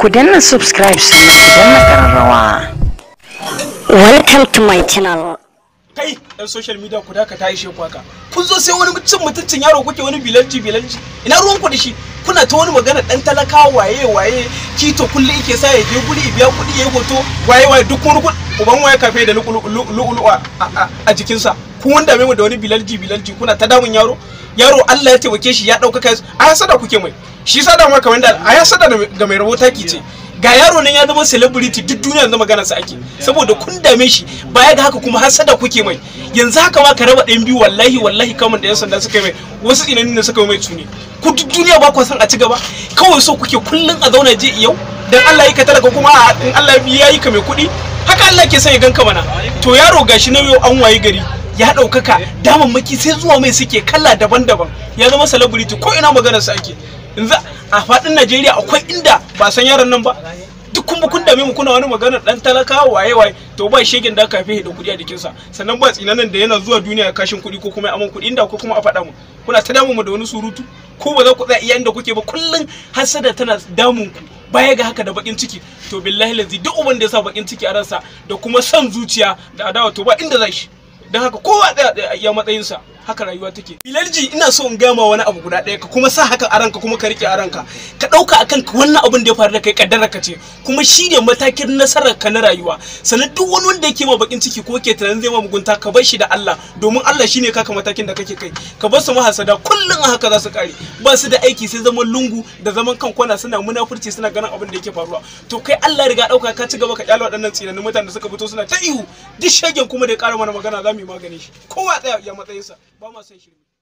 ku danna subscribe sannan ku danna karrawa welcome to my channel kai yan social media ku ka tayi shi kwaka kun zo sai wani cin mutuncin yaro kuke wani bilanci bilanci ina ruwan ku da shi kuna ta wani magana dan talaka waye waye kito kullu yake sa ya je guri biya kudi yayi hoto waye waye duk wani uban waye kafe da lu'ulu'a a jikinsa ku wanda mai da wani bilalji bilalji kuna ta damun yaro yaro Allah ya taimake shi ya dauka kai a sada kuke mai shi sa da kamar da a ya sada da mai rabo taki ce ga yaro nan ya zama celebrity duk duniya zama magana sa ake saboda kun dame shi baya ga haka kuma har sada kuke mai yanzu haka ma ka raba ɗan biyu wallahi wallahi kamar da yan sanda suka yi mai wasu tsinanin da suka yi mai tuni ku duk duniya ba ku san a ci gaba kawai so kuke kullum a zauna je yau dan Allah ya ka talaka kuma a in Allah ya yi ka mai kuɗi haka Allah ke son ya ganka mana to yaro gashi na yau an waye gari ya ɗaukaka maki sai zuwa mai suke kala daban-daban ya zama celebrity ko ina maganar sa ake Inza a faɗin najeriya akwai inda ba san yaron nan ba duk kun kun dame mu kuna wani magana dan talaka waye waye to ba shegin da kafi hidda kuɗi a jikinsa sannan ba tsinanan da yana zuwa duniya ya kashin kuɗi ko kuma aman kuɗi inda ko kuma a faɗa mu kuna ta damu mu da wani surutu ko ba za ku tsaya iya inda kuke ba kullun hasada tana damun ku baya ga haka da bakin ciki to billahi lazi duk uban da ya sa bakin ciki a ransa da kuma son zuciya da adawa to ba inda zai shi don haka kowa tsaya a iya matsayinsa haka rayuwa take bilalji ina so in gama wani abu guda ɗaya ka kuma sa haka a ranka kuma ka rike a ranka ka ɗauka a kan wannan abin da ya faru da kai kaddara ka ce kuma shi ne matakin nasarar ka na rayuwa sannan duk wani wanda yake ma bakin ciki ko ke tunanin zai ma mugunta ka bar shi da Allah domin Allah shi shine kaka matakin da kake kai ka bar su mahasada kullum a haka za su kare ba su da aiki sai zaman lungu da zaman kan kwana suna munafurci suna ganin abin da yake faruwa to kai Allah riga ɗauka ka ci gaba ka kyale waɗannan tsinanin mutanen da suka fito suna ta ihu duk shagen kuma da ya ƙara mana magana za mu yi magani shi kowa tsaya ya matsayinsa Vamos ma